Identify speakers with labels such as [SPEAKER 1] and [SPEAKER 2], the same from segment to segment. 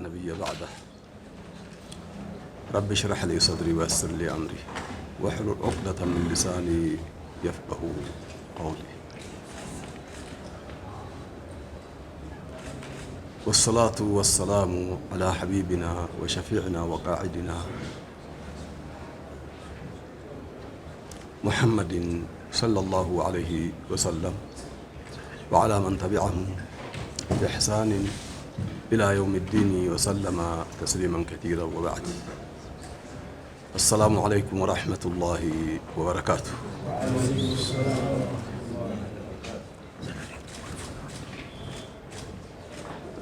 [SPEAKER 1] نبي بعده رب اشرح لي صدري ويسر لي أمري واحلل عقدة من لساني يفقه قولي والصلاة والسلام على حبيبنا وشفيعنا وقاعدنا محمد صلى الله عليه وسلم وعلى من تبعهم بإحسان إلى يوم الدين وسلم تسليما كثيرا وبعد السلام عليكم ورحمة الله وبركاته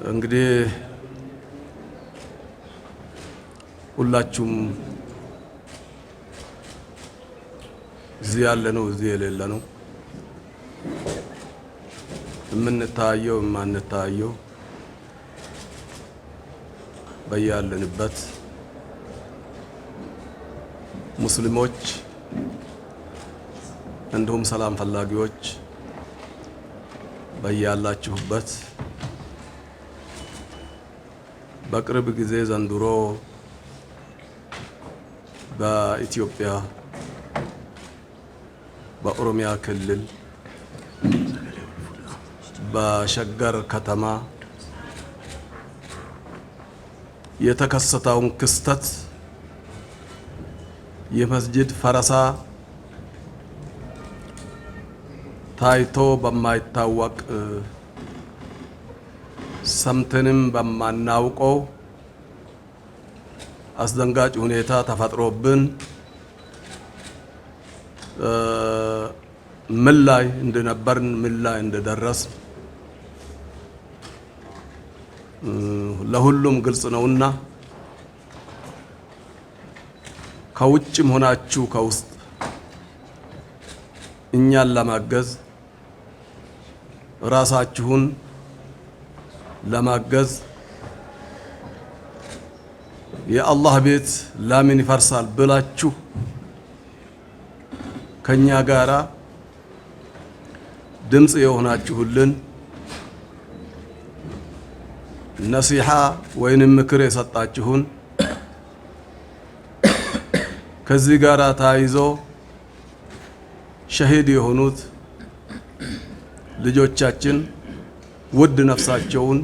[SPEAKER 1] እንግዲህ ሁላችሁም እዚህ ያለ ነው፣ እዚህ የሌለ ነው፣ የምንታየው የማንታየው በያለንበት ሙስሊሞች እንዲሁም ሰላም ፈላጊዎች በያላችሁበት በቅርብ ጊዜ ዘንድሮ በኢትዮጵያ በኦሮሚያ ክልል በሸገር ከተማ የተከሰተውን ክስተት የመስጂድ ፈረሳ ታይቶ በማይታወቅ ሰምተንም በማናውቀው አስደንጋጭ ሁኔታ ተፈጥሮብን ምን ላይ እንደነበርን ምን ላይ እንደደረስን ለሁሉም ግልጽ ነውና ከውጭም ሆናችሁ ከውስጥ እኛን ለማገዝ ራሳችሁን ለማገዝ የአላህ ቤት ለምን ይፈርሳል ብላችሁ ከኛ ጋራ ድምፅ የሆናችሁልን ነሲሓ ወይንም ምክር የሰጣችሁን ከዚህ ጋር ተያይዞ ሸሂድ የሆኑት ልጆቻችን ውድ ነፍሳቸውን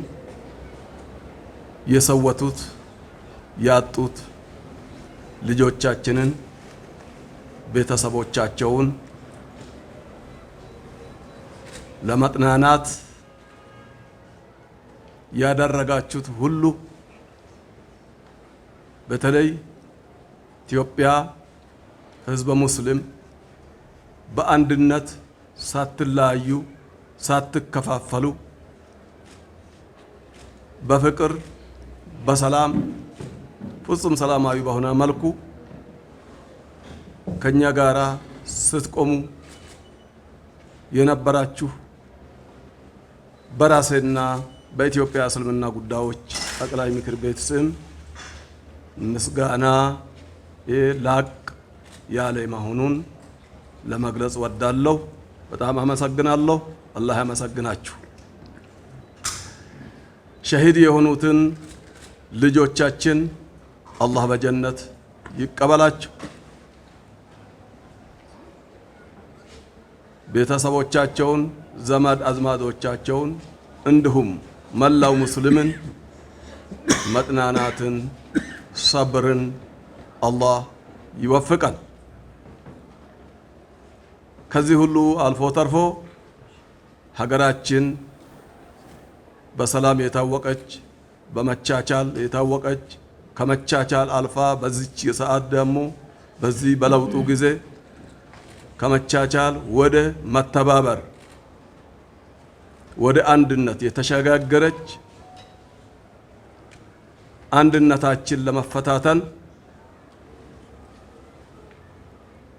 [SPEAKER 1] የሰወቱት ያጡት ልጆቻችንን ቤተሰቦቻቸውን ለመጥናናት ያደረጋችሁት ሁሉ በተለይ ኢትዮጵያ ሕዝበ ሙስሊም በአንድነት ሳትለያዩ ሳትከፋፈሉ በፍቅር በሰላም ፍጹም ሰላማዊ በሆነ መልኩ ከኛ ጋራ ስትቆሙ የነበራችሁ በራሴና በኢትዮጵያ እስልምና ጉዳዮች ጠቅላይ ምክር ቤት ስም ምስጋና ላቅ ያለ መሆኑን ለመግለጽ ወዳለሁ። በጣም አመሰግናለሁ። አላህ ያመሰግናችሁ። ሸሂድ የሆኑትን ልጆቻችን አላህ በጀነት ይቀበላቸው። ቤተሰቦቻቸውን፣ ዘመድ አዝማዶቻቸውን እንዲሁም መላው ሙስልምን መጥናናትን፣ ሰብርን አላህ ይወፍቀን። ከዚህ ሁሉ አልፎ ተርፎ ሀገራችን በሰላም የታወቀች በመቻቻል የታወቀች ከመቻቻል አልፋ በዚች ሰዓት ደግሞ በዚህ በለውጡ ጊዜ ከመቻቻል ወደ መተባበር ወደ አንድነት የተሸጋገረች አንድነታችን ለመፈታተን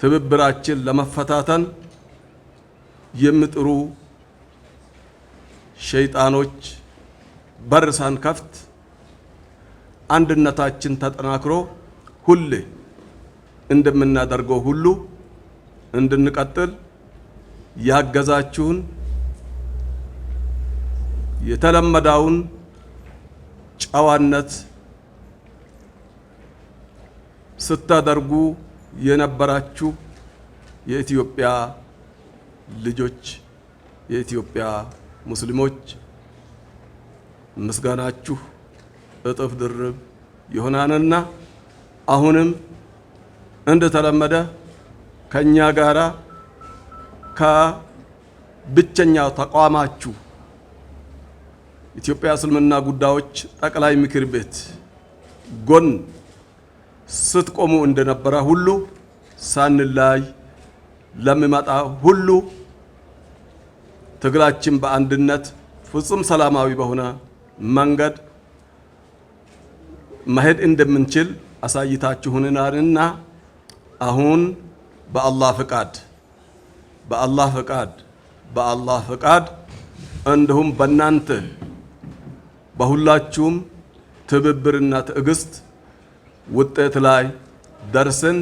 [SPEAKER 1] ትብብራችን ለመፈታተን የምጥሩ ሸይጣኖች በር ሳንከፍት አንድነታችን ተጠናክሮ ሁሌ እንደምናደርገው ሁሉ እንድንቀጥል ያገዛችሁን የተለመደውን ጨዋነት ስታደርጉ የነበራችሁ የኢትዮጵያ ልጆች፣ የኢትዮጵያ ሙስሊሞች ምስጋናችሁ እጥፍ ድርብ ይሆናልና አሁንም እንደተለመደ ከኛ ጋራ ከብቸኛ ተቋማችሁ ኢትዮጵያ እስልምና ጉዳዮች ጠቅላይ ምክር ቤት ጎን ስትቆሙ እንደነበረ ሁሉ ሳንለያይ ለሚመጣ ሁሉ ትግላችን በአንድነት ፍጹም ሰላማዊ በሆነ መንገድ መሄድ እንደምንችል አሳይታችሁንናልና አሁን በአላህ ፍቃድ በአላህ ፍቃድ በአላህ ፍቃድ እንዲሁም በእናንተ በሁላችሁም ትብብርና ትዕግስት ውጤት ላይ ደርስን።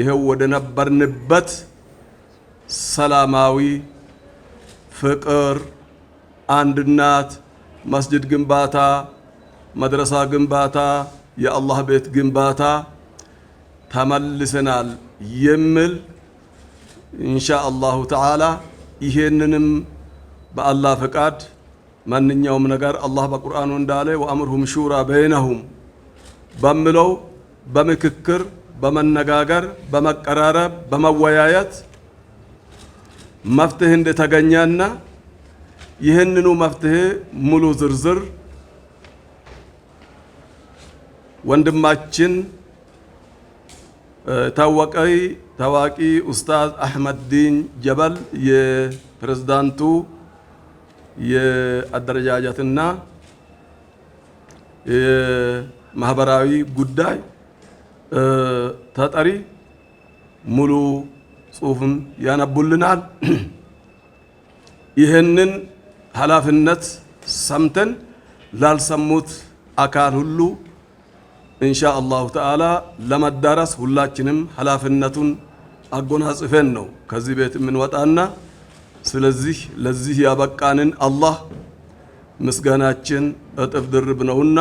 [SPEAKER 1] ይኸው ወደ ነበርንበት ሰላማዊ ፍቅር፣ አንድናት፣ መስጅድ ግንባታ፣ መድረሳ ግንባታ፣ የአላህ ቤት ግንባታ ተመልሰናል የሚል ኢንሻ አላሁ ተዓላ ይሄንንም በአላህ ፈቃድ ማንኛውም ነገር አላህ በቁርአኑ እንዳለ ወአምርሁም ሹራ በይነሁም በምለው በምክክር በመነጋገር በመቀራረብ በመወያየት መፍትሄ እንደተገኘና ይህንኑ መፍትሄ ሙሉ ዝርዝር ወንድማችን ታዋቂ ኡስታዝ አህመድ ዲን ጀበል የፕሬዝዳንቱ የአደረጃጀትና የማህበራዊ ጉዳይ ተጠሪ ሙሉ ጽሁፍን ያነቡልናል። ይህንን ኃላፊነት ሰምተን ላልሰሙት አካል ሁሉ እንሻ አላሁ ተዓላ ለመዳረስ ሁላችንም ኃላፊነቱን አጎናጽፈን ነው ከዚህ ቤት የምንወጣና ስለዚህ ለዚህ ያበቃንን አላህ ምስጋናችን እጥፍ ድርብ ነውና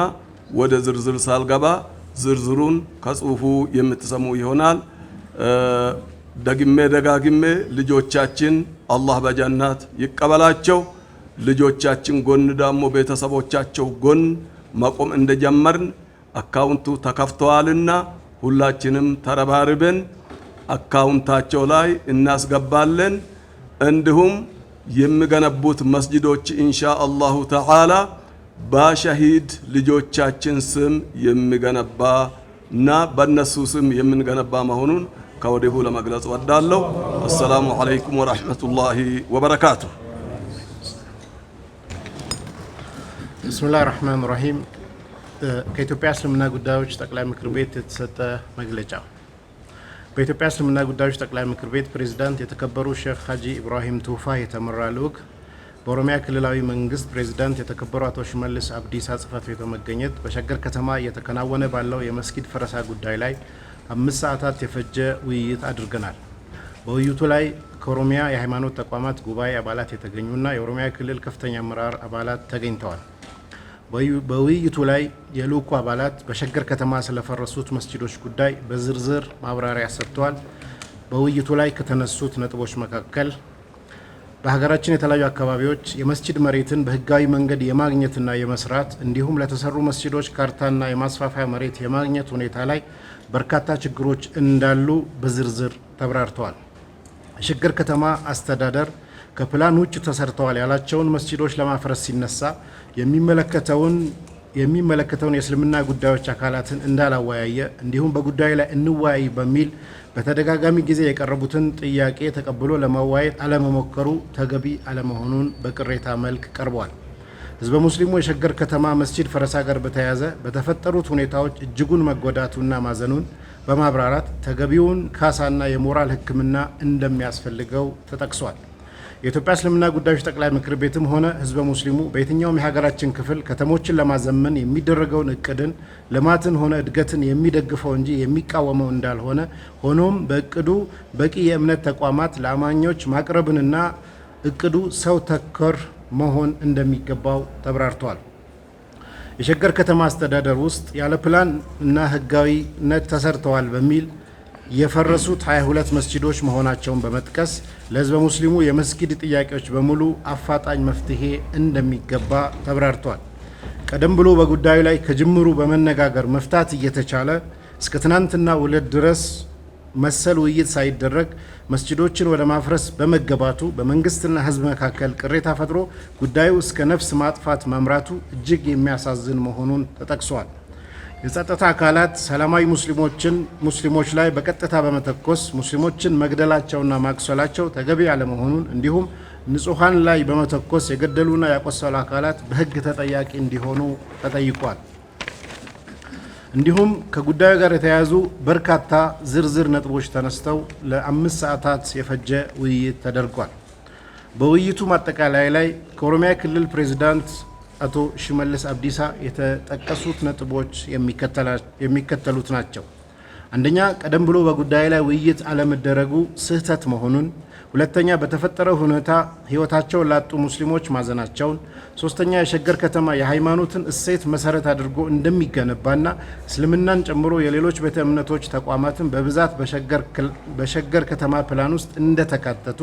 [SPEAKER 1] ወደ ዝርዝር ሳልገባ ዝርዝሩን ከጽሁፉ የምትሰሙ ይሆናል። ደግሜ ደጋግሜ ልጆቻችን አላህ በጀናት ይቀበላቸው። ልጆቻችን ጎን ደግሞ ቤተሰቦቻቸው ጎን መቆም እንደጀመርን አካውንቱ ተከፍተዋልና ሁላችንም ተረባርበን አካውንታቸው ላይ እናስገባለን። እንዲሁም የሚገነቡት መስጅዶች ኢንሻ አላሁ ተዓላ በሸሂድ ልጆቻችን ስም የሚገነባ እና በእነሱ ስም የምንገነባ መሆኑን ከወዲሁ ለመግለጽ ወዳለሁ። አሰላሙ አለይኩም ወረሕመቱላሂ ወበረካቱ።
[SPEAKER 2] ብስሚላህ ራህማን ራሂም። ከኢትዮጵያ እስልምና ጉዳዮች ጠቅላይ ምክር ቤት የተሰጠ መግለጫ በኢትዮጵያ እስልምና ጉዳዮች ጠቅላይ ምክር ቤት ፕሬዝዳንት የተከበሩ ሼክ ሀጂ ኢብራሂም ቱፋ የተመራ ልዑክ በኦሮሚያ ክልላዊ መንግስት ፕሬዝዳንት የተከበሩ አቶ ሽመልስ አብዲሳ ጽህፈት ቤት በመገኘት በሸገር ከተማ እየተከናወነ ባለው የመስጊድ ፈረሳ ጉዳይ ላይ አምስት ሰዓታት የፈጀ ውይይት አድርገናል። በውይይቱ ላይ ከኦሮሚያ የሃይማኖት ተቋማት ጉባኤ አባላት የተገኙና የኦሮሚያ ክልል ከፍተኛ አመራር አባላት ተገኝተዋል። በውይይቱ ላይ የልዑኩ አባላት በሸገር ከተማ ስለፈረሱት መስጂዶች ጉዳይ በዝርዝር ማብራሪያ ሰጥተዋል። በውይይቱ ላይ ከተነሱት ነጥቦች መካከል በሀገራችን የተለያዩ አካባቢዎች የመስጂድ መሬትን በህጋዊ መንገድ የማግኘትና የመስራት እንዲሁም ለተሰሩ መስጂዶች ካርታና የማስፋፋያ መሬት የማግኘት ሁኔታ ላይ በርካታ ችግሮች እንዳሉ በዝርዝር ተብራርተዋል። የሸገር ከተማ አስተዳደር ከፕላን ውጭ ተሰርተዋል ያላቸውን መስጂዶች ለማፍረስ ሲነሳ የሚመለከተውን የሚመለከተውን የእስልምና ጉዳዮች አካላትን እንዳላወያየ እንዲሁም በጉዳዩ ላይ እንወያይ በሚል በተደጋጋሚ ጊዜ የቀረቡትን ጥያቄ ተቀብሎ ለማወያየት አለመሞከሩ ተገቢ አለመሆኑን በቅሬታ መልክ ቀርቧል። ህዝበ ሙስሊሙ የሸገር ከተማ መስጂድ ፈረሳ ጋር በተያያዘ በተፈጠሩት ሁኔታዎች እጅጉን መጎዳቱና ማዘኑን በማብራራት ተገቢውን ካሳና የሞራል ሕክምና እንደሚያስፈልገው ተጠቅሷል። የኢትዮጵያ እስልምና ጉዳዮች ጠቅላይ ምክር ቤትም ሆነ ህዝበ ሙስሊሙ በየትኛውም የሀገራችን ክፍል ከተሞችን ለማዘመን የሚደረገውን እቅድን ልማትን ሆነ እድገትን የሚደግፈው እንጂ የሚቃወመው እንዳልሆነ ሆኖም በእቅዱ በቂ የእምነት ተቋማት ለአማኞች ማቅረብንና እቅዱ ሰው ተኮር መሆን እንደሚገባው ተብራርቷል። የሸገር ከተማ አስተዳደር ውስጥ ያለ ፕላን እና ህጋዊነት ተሰርተዋል በሚል የፈረሱት 22 መስጂዶች መሆናቸውን በመጥቀስ ለህዝበ ሙስሊሙ የመስጊድ ጥያቄዎች በሙሉ አፋጣኝ መፍትሄ እንደሚገባ ተብራርቷል። ቀደም ብሎ በጉዳዩ ላይ ከጅምሩ በመነጋገር መፍታት እየተቻለ እስከ ትናንትና ውለት ድረስ መሰል ውይይት ሳይደረግ መስጅዶችን ወደ ማፍረስ በመገባቱ በመንግስትና ህዝብ መካከል ቅሬታ ፈጥሮ ጉዳዩ እስከ ነፍስ ማጥፋት ማምራቱ እጅግ የሚያሳዝን መሆኑን ተጠቅሷል። የጸጥታ አካላት ሰላማዊ ሙስሊሞችን ሙስሊሞች ላይ በቀጥታ በመተኮስ ሙስሊሞችን መግደላቸውና ማቁሰላቸው ተገቢ አለመሆኑን እንዲሁም ንጹሐን ላይ በመተኮስ የገደሉና ያቆሰሉ አካላት በሕግ ተጠያቂ እንዲሆኑ ተጠይቋል። እንዲሁም ከጉዳዩ ጋር የተያያዙ በርካታ ዝርዝር ነጥቦች ተነስተው ለአምስት ሰዓታት የፈጀ ውይይት ተደርጓል። በውይይቱ ማጠቃለያ ላይ ከኦሮሚያ ክልል ፕሬዚዳንት አቶ ሽመልስ አብዲሳ የተጠቀሱት ነጥቦች የሚከተሉት ናቸው። አንደኛ፣ ቀደም ብሎ በጉዳዩ ላይ ውይይት አለመደረጉ ስህተት መሆኑን ሁለተኛ በተፈጠረው ሁኔታ ህይወታቸውን ላጡ ሙስሊሞች ማዘናቸውን፣ ሶስተኛ የሸገር ከተማ የሃይማኖትን እሴት መሰረት አድርጎ እንደሚገነባና እስልምናን ጨምሮ የሌሎች ቤተ እምነቶች ተቋማትን በብዛት በሸገር ከተማ ፕላን ውስጥ እንደተካተቱ፣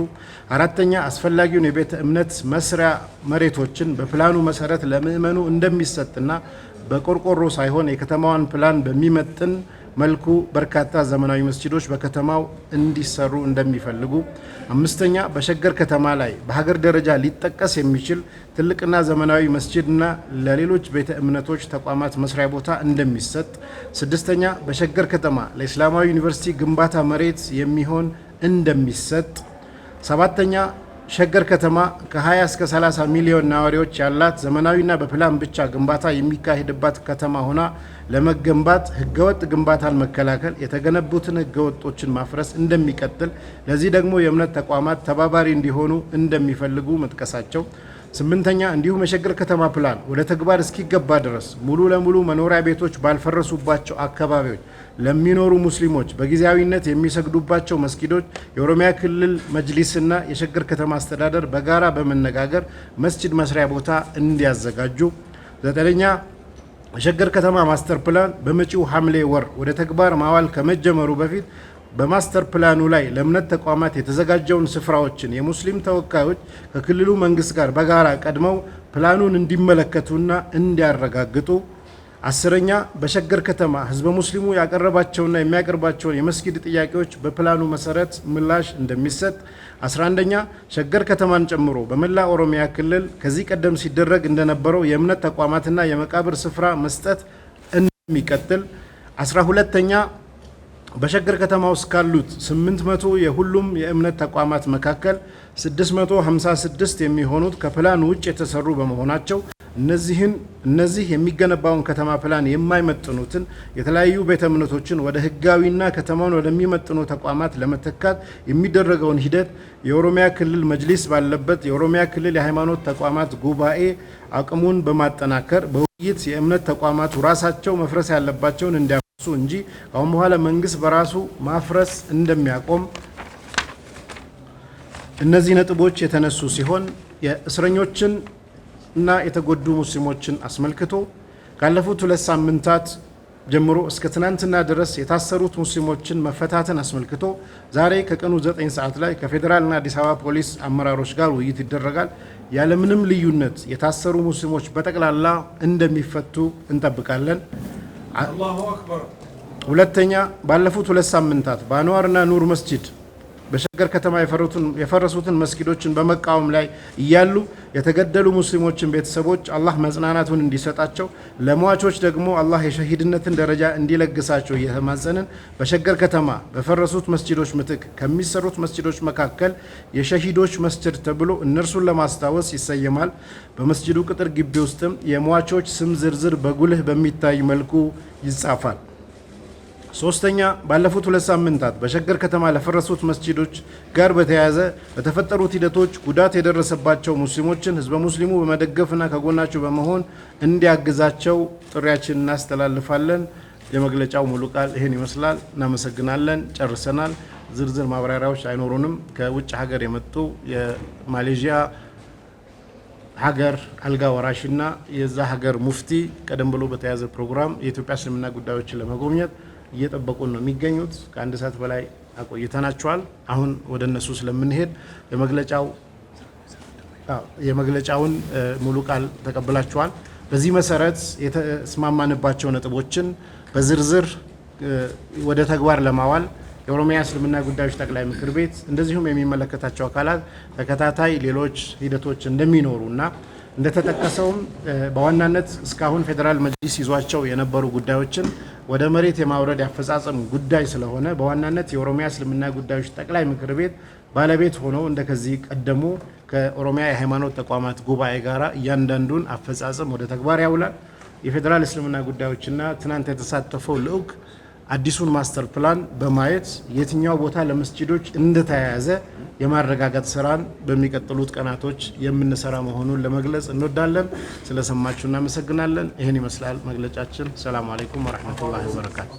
[SPEAKER 2] አራተኛ አስፈላጊውን የቤተ እምነት መስሪያ መሬቶችን በፕላኑ መሰረት ለምእመኑ እንደሚሰጥና በቆርቆሮ ሳይሆን የከተማዋን ፕላን በሚመጥን መልኩ በርካታ ዘመናዊ መስጂዶች በከተማው እንዲሰሩ እንደሚፈልጉ፣ አምስተኛ በሸገር ከተማ ላይ በሀገር ደረጃ ሊጠቀስ የሚችል ትልቅና ዘመናዊ መስጂድና ለሌሎች ቤተ እምነቶች ተቋማት መስሪያ ቦታ እንደሚሰጥ፣ ስድስተኛ በሸገር ከተማ ለእስላማዊ ዩኒቨርሲቲ ግንባታ መሬት የሚሆን እንደሚሰጥ፣ ሰባተኛ ሸገር ከተማ ከ20 እስከ 30 ሚሊዮን ነዋሪዎች ያላት ዘመናዊና በፕላን ብቻ ግንባታ የሚካሄድባት ከተማ ሆና ለመገንባት ህገወጥ ግንባታን መከላከል፣ የተገነቡትን ህገወጦችን ማፍረስ እንደሚቀጥል፣ ለዚህ ደግሞ የእምነት ተቋማት ተባባሪ እንዲሆኑ እንደሚፈልጉ መጥቀሳቸው ስምንተኛ እንዲሁም የሸገር ከተማ ፕላን ወደ ተግባር እስኪገባ ድረስ ሙሉ ለሙሉ መኖሪያ ቤቶች ባልፈረሱባቸው አካባቢዎች ለሚኖሩ ሙስሊሞች በጊዜያዊነት የሚሰግዱባቸው መስጊዶች የኦሮሚያ ክልል መጅሊስና የሸገር ከተማ አስተዳደር በጋራ በመነጋገር መስጅድ መስሪያ ቦታ እንዲያዘጋጁ። ዘጠነኛ የሸገር ከተማ ማስተር ፕላን በመጪው ሐምሌ ወር ወደ ተግባር ማዋል ከመጀመሩ በፊት በማስተር ፕላኑ ላይ ለእምነት ተቋማት የተዘጋጀውን ስፍራዎችን የሙስሊም ተወካዮች ከክልሉ መንግስት ጋር በጋራ ቀድመው ፕላኑን እንዲመለከቱና እንዲያረጋግጡ አስረኛ በሸገር ከተማ ህዝበ ሙስሊሙ ያቀረባቸውና የሚያቀርባቸውን የመስጊድ ጥያቄዎች በፕላኑ መሰረት ምላሽ እንደሚሰጥ። አስራ አንደኛ ሸገር ከተማን ጨምሮ በመላ ኦሮሚያ ክልል ከዚህ ቀደም ሲደረግ እንደነበረው የእምነት ተቋማትና የመቃብር ስፍራ መስጠት እንደሚቀጥል። አስራ ሁለተኛ በሸገር ከተማ ውስጥ ካሉት 800 የሁሉም የእምነት ተቋማት መካከል 656 የሚሆኑት ከፕላኑ ውጭ የተሰሩ በመሆናቸው እነዚህን እነዚህ የሚገነባውን ከተማ ፕላን የማይመጥኑትን የተለያዩ ቤተ እምነቶችን ወደ ህጋዊና ከተማውን ወደሚመጥኑ ተቋማት ለመተካት የሚደረገውን ሂደት የኦሮሚያ ክልል መጅሊስ ባለበት የኦሮሚያ ክልል የሃይማኖት ተቋማት ጉባኤ አቅሙን በማጠናከር በውይይት የእምነት ተቋማቱ ራሳቸው መፍረስ ያለባቸውን እንዲያፈርሱ እንጂ አሁን በኋላ መንግስት በራሱ ማፍረስ እንደሚያቆም እነዚህ ነጥቦች የተነሱ ሲሆን የእስረኞችን እና የተጎዱ ሙስሊሞችን አስመልክቶ ካለፉት ሁለት ሳምንታት ጀምሮ እስከ ትናንትና ድረስ የታሰሩት ሙስሊሞችን መፈታትን አስመልክቶ ዛሬ ከቀኑ 9 ሰዓት ላይ ከፌዴራልና አዲስ አበባ ፖሊስ አመራሮች ጋር ውይይት ይደረጋል። ያለምንም ልዩነት የታሰሩ ሙስሊሞች በጠቅላላ እንደሚፈቱ እንጠብቃለን። ሁለተኛ ባለፉት ሁለት ሳምንታት በአንዋርና ኑር መስጂድ በሸገር ከተማ የፈረሱትን መስጊዶችን በመቃወም ላይ እያሉ የተገደሉ ሙስሊሞችን ቤተሰቦች አላህ መጽናናቱን እንዲሰጣቸው ለሟቾች ደግሞ አላህ የሸሂድነትን ደረጃ እንዲለግሳቸው እየተማጸንን በሸገር ከተማ በፈረሱት መስጂዶች ምትክ ከሚሰሩት መስጂዶች መካከል የሸሂዶች መስጅድ ተብሎ እነርሱን ለማስታወስ ይሰየማል። በመስጅዱ ቅጥር ግቢ ውስጥም የሟቾች ስም ዝርዝር በጉልህ በሚታይ መልኩ ይጻፋል። ሶስተኛ ባለፉት ሁለት ሳምንታት በሸገር ከተማ ለፈረሱት መስጂዶች ጋር በተያያዘ በተፈጠሩት ሂደቶች ጉዳት የደረሰባቸው ሙስሊሞችን ህዝበ ሙስሊሙ በመደገፍና ከጎናቸው በመሆን እንዲያግዛቸው ጥሪያችን እናስተላልፋለን። የመግለጫው ሙሉ ቃል ይህን ይመስላል። እናመሰግናለን። ጨርሰናል። ዝርዝር ማብራሪያዎች አይኖሩንም። ከውጭ ሀገር የመጡ የማሌዥያ ሀገር አልጋ ወራሽና የዛ ሀገር ሙፍቲ ቀደም ብሎ በተያዘ ፕሮግራም የኢትዮጵያ እስልምና ጉዳዮችን ለመጎብኘት እየጠበቁን ነው የሚገኙት። ከአንድ ሰዓት በላይ አቆይተናቸዋል። አሁን ወደ እነሱ ስለምንሄድ የመግለጫው የመግለጫውን ሙሉ ቃል ተቀብላችኋል። በዚህ መሰረት የተስማማንባቸው ነጥቦችን በዝርዝር ወደ ተግባር ለማዋል የኦሮሚያ እስልምና ጉዳዮች ጠቅላይ ምክር ቤት እንደዚሁም የሚመለከታቸው አካላት ተከታታይ ሌሎች ሂደቶች እና እንደተጠቀሰውም በዋናነት እስካሁን ፌዴራል መጅሊስ ይዟቸው የነበሩ ጉዳዮችን ወደ መሬት የማውረድ ያፈጻጸም ጉዳይ ስለሆነ በዋናነት የኦሮሚያ እስልምና ጉዳዮች ጠቅላይ ምክር ቤት ባለቤት ሆኖ እንደከዚህ ቀደሙ ከኦሮሚያ የሃይማኖት ተቋማት ጉባኤ ጋር እያንዳንዱን አፈጻጸም ወደ ተግባር ያውላል። የፌዴራል እስልምና ጉዳዮችና ትናንት የተሳተፈው ልዑክ አዲሱን ማስተር ፕላን በማየት የትኛው ቦታ ለመስጂዶች እንደተያያዘ የማረጋጋት ስራን በሚቀጥሉት ቀናቶች የምንሰራ መሆኑን ለመግለጽ እንወዳለን። ስለሰማችሁ እናመሰግናለን። ይህን ይመስላል መግለጫችን። ሰላም አሌይኩም ወረህመቱላሂ ወበረካቱ።